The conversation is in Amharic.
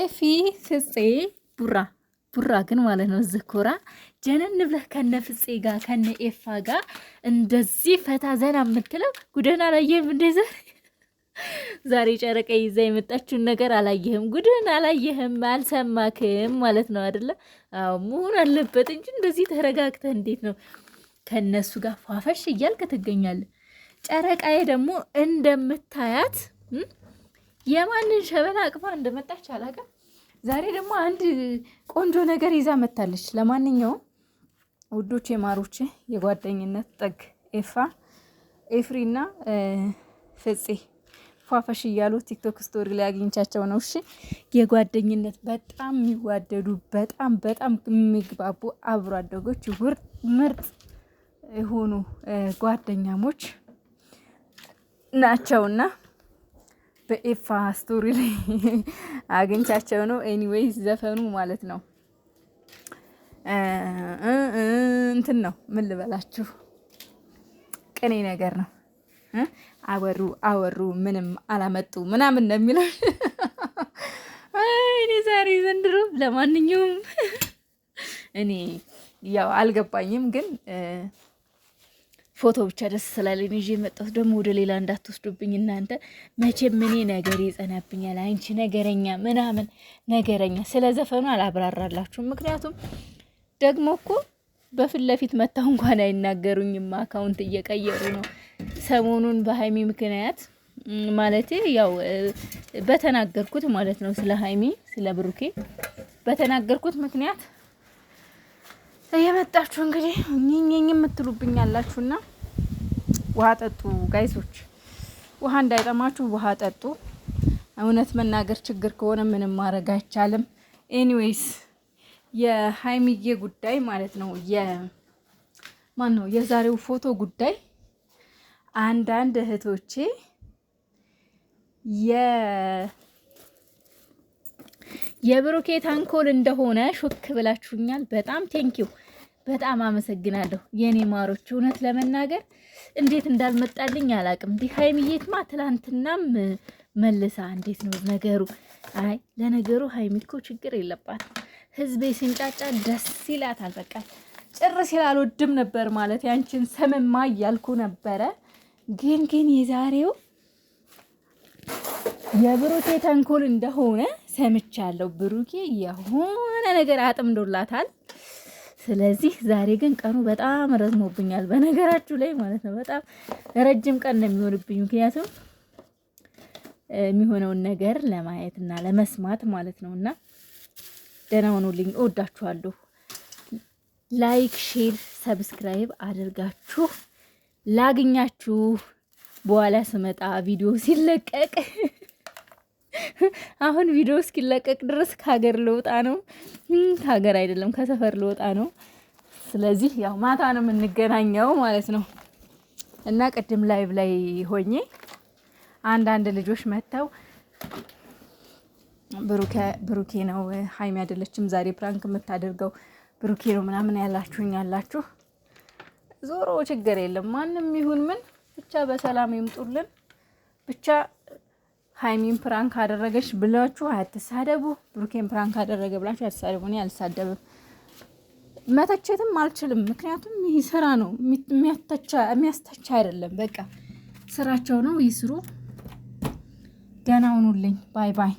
ኤፊ ፍፄ ቡራ ቡራ ግን ማለት ነው እዚ ኮራ ጀነን ብለህ ከነ ፍፄ ጋር ከነ ኤፋ ጋር እንደዚህ ፈታ ዘና የምትለው ጉደን አላየህም? እንደዚህ ዛሬ ጨረቀ ይዛ የመጣችውን ነገር አላየህም? ጉድን አላየህም? አልሰማክም ማለት ነው አደለ? አዎ መሆን አለበት እንጂ እንደዚህ ተረጋግተህ እንዴት ነው ከእነሱ ጋር ፏፈሽ እያልክ ትገኛለህ? ጨረቃዬ ደግሞ እንደምታያት የማንን ሸበላ አቅፋ እንደመጣች አላውቅም። ዛሬ ደግሞ አንድ ቆንጆ ነገር ይዛ መታለች። ለማንኛውም ውዶች ማሮቼ፣ የጓደኝነት ጠግ ኤፋ ኤፍሪና ፍፄ ፏፈሽ እያሉ ቲክቶክ ስቶሪ ላይ አግኝቻቸው ነው። እሺ የጓደኝነት በጣም የሚዋደዱ በጣም በጣም የሚግባቡ አብሮ አደጎች ምርጥ የሆኑ ጓደኛሞች ናቸውና በኤፋ ስቶሪ ላይ አግኝቻቸው ነው። ኤኒዌይስ ዘፈኑ ማለት ነው እንትን ነው ምን ልበላችሁ፣ ቅኔ ነገር ነው። አወሩ አወሩ ምንም አላመጡ ምናምን ነው የሚለው። እኔ ዛሬ ዘንድሮ ለማንኛውም እኔ ያው አልገባኝም ግን ፎቶ ብቻ ደስ ስላለኝ ይዤ የመጣሁት ደግሞ ወደ ሌላ እንዳትወስዱብኝ እናንተ። መቼም እኔ ነገር ይጸናብኛል። አንቺ ነገረኛ ምናምን ነገረኛ። ስለ ዘፈኑ አላብራራላችሁም፣ ምክንያቱም ደግሞ እኮ በፊት ለፊት መታው እንኳን አይናገሩኝም። አካውንት እየቀየሩ ነው። ሰሞኑን በሀይሚ ምክንያት ማለት ያው በተናገርኩት ማለት ነው ስለ ሀይሚ ስለ ብሩኬ በተናገርኩት ምክንያት እየመጣችሁ እንግዲህ ኝኝኝ የምትሉብኝ አላችሁና ውሃ ጠጡ ጋይሶች፣ ውሃ እንዳይጠማችሁ ውሃ ጠጡ። እውነት መናገር ችግር ከሆነ ምንም ማድረግ አይቻልም። ኤኒዌይስ የሀይሚዬ ጉዳይ ማለት ነው የማን ነው የዛሬው ፎቶ ጉዳይ አንዳንድ እህቶቼ የብሩኬ ታንኮል እንደሆነ ሹክ ብላችሁኛል። በጣም ቴንኪው በጣም አመሰግናለሁ የኔ ማሮች። እውነት ለመናገር እንዴት እንዳልመጣልኝ አላቅም። እንዲህ ሀይሚዬትማ ትላንትናም መልሳ እንዴት ነው ነገሩ? አይ ለነገሩ ሀይሚ እኮ ችግር የለባትም። ህዝቤ ሲንጫጫ ደስ ይላታል። በቃ ጭር ሲል አልወድም ነበር ማለት ያንቺን ሰምማ እያልኩ ነበረ። ግን ግን የዛሬው የብሩኬ ተንኮል እንደሆነ ሰምቻለሁ። ብሩኬ የሆነ ነገር አጥምዶላታል። ስለዚህ ዛሬ ግን ቀኑ በጣም ረዝሞብኛል፣ በነገራችሁ ላይ ማለት ነው። በጣም ረጅም ቀን ነው የሚሆንብኝ፣ ምክንያቱም የሚሆነውን ነገር ለማየት እና ለመስማት ማለት ነው። እና ደህና ሆኑልኝ፣ እወዳችኋለሁ። ላይክ፣ ሼር፣ ሰብስክራይብ አድርጋችሁ ላግኛችሁ በኋላ ስመጣ ቪዲዮ ሲለቀቅ አሁን ቪዲዮ እስኪለቀቅ ድረስ ከሀገር ልወጣ ነው። ከሀገር አይደለም ከሰፈር ልወጣ ነው። ስለዚህ ያው ማታ ነው የምንገናኘው ማለት ነው። እና ቅድም ላይቭ ላይ ሆኜ አንዳንድ ልጆች መጥተው ብሩኬ ነው ሀይሚ አይደለችም ዛሬ ፕራንክ የምታደርገው ብሩኬ ነው ምናምን ያላችሁኝ ያላችሁ፣ ዞሮ ችግር የለም ማንም ይሁን ምን ብቻ በሰላም ይምጡልን ብቻ ሀይሚን ፕራንክ አደረገች ብላችሁ አትሳደቡ። ብሩኬን ፕራንክ አደረገ ብላችሁ አትሳደቡ። እኔ አልሳደብም፣ መተቸትም አልችልም። ምክንያቱም ይህ ስራ ነው፣ የሚያስተቻ አይደለም። በቃ ስራቸው ነው፣ ይስሩ። ደህና ሁኑልኝ። ባይ ባይ።